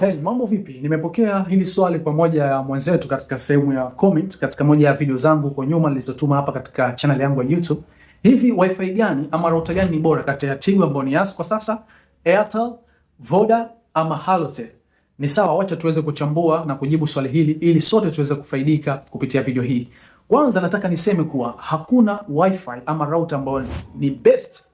Hey, mambo vipi? Nimepokea hili swali kwa moja ya mwenzetu katika sehemu ya comment katika moja ya video zangu kwa nyuma nilizotuma hapa katika channel yangu ya YouTube. Hivi wifi gani ama router gani ni bora kati ya Tigo ambayo ni yas kwa sasa, Airtel, Voda ama Halotel? Ni sawa, wacha tuweze kuchambua na kujibu swali hili ili sote tuweze kufaidika kupitia video hii. Kwanza nataka niseme kuwa hakuna wifi ama router ambayo ni best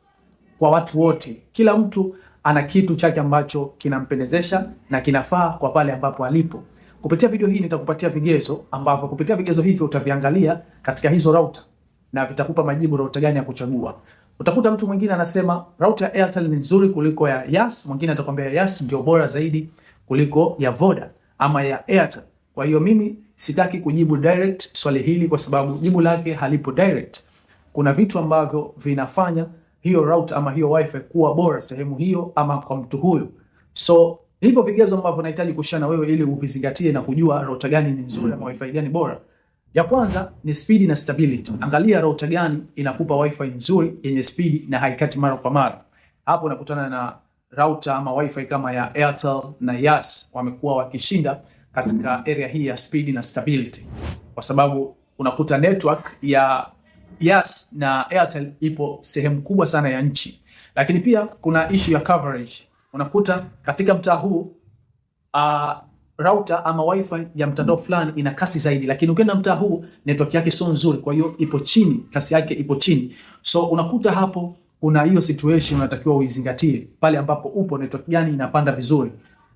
kwa watu wote. Kila mtu ana kitu chake ambacho kinampendezesha na kinafaa kwa pale ambapo alipo. Kupitia video hii nitakupatia vigezo ambapo kupitia vigezo hivyo utaviangalia katika hizo router na vitakupa majibu router gani ya kuchagua. Utakuta mtu mwingine anasema router ya Airtel ni nzuri kuliko ya Yas, mwingine atakwambia Yas ndio bora zaidi kuliko ya Voda ama ya Airtel. Kwa hiyo mimi sitaki kujibu direct swali hili kwa sababu jibu lake halipo direct. Kuna vitu ambavyo vinafanya hiyo router ama hiyo wifi kuwa bora sehemu hiyo ama kwa mtu huyo. So hivyo vigezo ambavyo nahitaji kushana wewe ili uvizingatie na kujua router gani ni nzuri ama wifi gani bora. Ya kwanza ni speed na stability. Angalia router gani inakupa wifi nzuri yenye speed na haikati mara kwa mara. Hapo unakutana na router ama wifi kama ya Airtel na Yas wamekuwa wakishinda katika area hii ya speed na stability, kwa sababu unakuta network ya Yes, na Airtel ipo sehemu kubwa sana ya nchi, lakini pia kuna issue ya coverage. Unakuta katika mtaa huu uh, router ama wifi ya mtandao fulani ina kasi zaidi, lakini ukienda mtaa huu network yake sio nzuri, kwa hiyo ipo chini, kasi yake ipo chini. So unakuta hapo kuna hiyo situation unatakiwa uizingatie pale ambapo upo, network gani inapanda vizuri.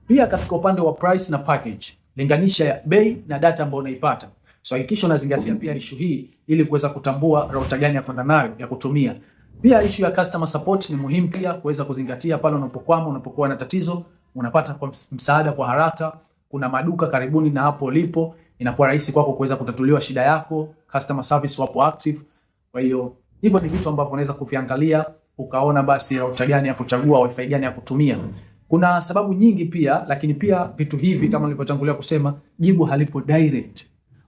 Pia katika upande wa price na package, linganisha bei na data ambayo unaipata. So hakikisha unazingatia pia ishu hii ili kuweza kutambua router gani ya kwenda nayo ya kutumia. Pia ishu ya customer support ni muhimu pia kuweza kuzingatia pale unapokwama, unapokuwa na tatizo, unapata kwa msaada kwa haraka. Kuna maduka karibuni na hapo ulipo, inakuwa rahisi kwako kuweza kutatuliwa shida yako. Customer service wapo active. Kwa hiyo hivyo ni vitu ambavyo unaweza kuviangalia ukaona basi router gani ya kuchagua, wifi gani ya kutumia. Kuna sababu nyingi pia, lakini pia vitu hivi kama nilivyotangulia kusema, jibu halipo direct.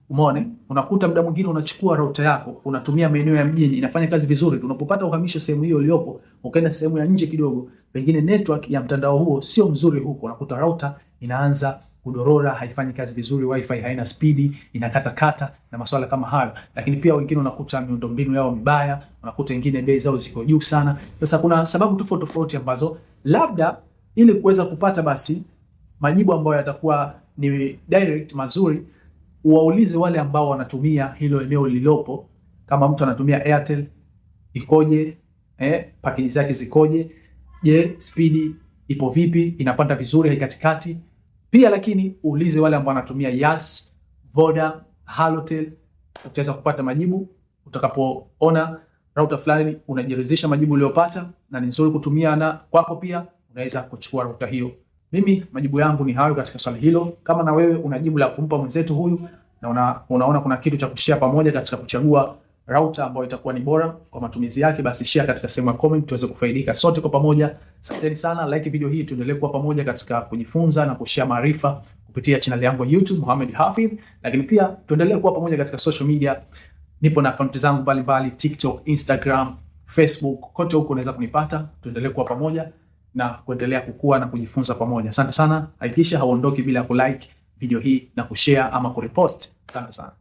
Umeona, unakuta muda mwingine unachukua router yako unatumia maeneo ya mjini, inafanya kazi vizuri. Unapopata uhamisho sehemu hiyo uliopo, ukaenda sehemu ya nje kidogo, pengine network ya mtandao huo sio mzuri huko, unakuta router inaanza kudorora, haifanyi kazi vizuri, wifi haina spidi, inakata kata na masuala kama hayo. Lakini pia wengine unakuta miundombinu yao mibaya, unakuta wengine bei zao ziko juu sana. Sasa kuna sababu tofauti tofauti ambazo labda ili kuweza kupata basi majibu ambayo yatakuwa ni direct mazuri uwaulize wale ambao wanatumia hilo eneo lililopo, kama mtu anatumia Airtel ikoje? Eh, pakeji zake zikoje? Je, spidi ipo vipi? Inapanda vizuri katikati Pia lakini uulize wale ambao wanatumia Yas, Voda, Halotel, utaweza kupata majibu utakapoona router fulani, unajiridhisha majibu uliyopata na ni nzuri kutumia na kwako, pia unaweza kuchukua router hiyo. Mimi majibu yangu ni hayo katika swali hilo. Kama na wewe una jibu la kumpa mwenzetu huyu na una, unaona kuna kitu cha kushare pamoja katika kuchagua router ambayo itakuwa ni bora kwa matumizi yake, basi share katika sehemu ya comment tuweze kufaidika sote kwa pamoja. Asanteni sana, like video hii, tuendelee kuwa pamoja katika kujifunza na kushare maarifa kupitia channel yangu ya YouTube Mohamed Hafidh, lakini pia tuendelee kuwa pamoja katika social media. Nipo na akaunti zangu mbalimbali TikTok, Instagram, Facebook, kote huko unaweza kunipata. Tuendelee kuwa pamoja na kuendelea kukua na kujifunza pamoja. Asante sana, hakikisha hauondoki bila kulike video hii na kushare ama kurepost. Asante sana.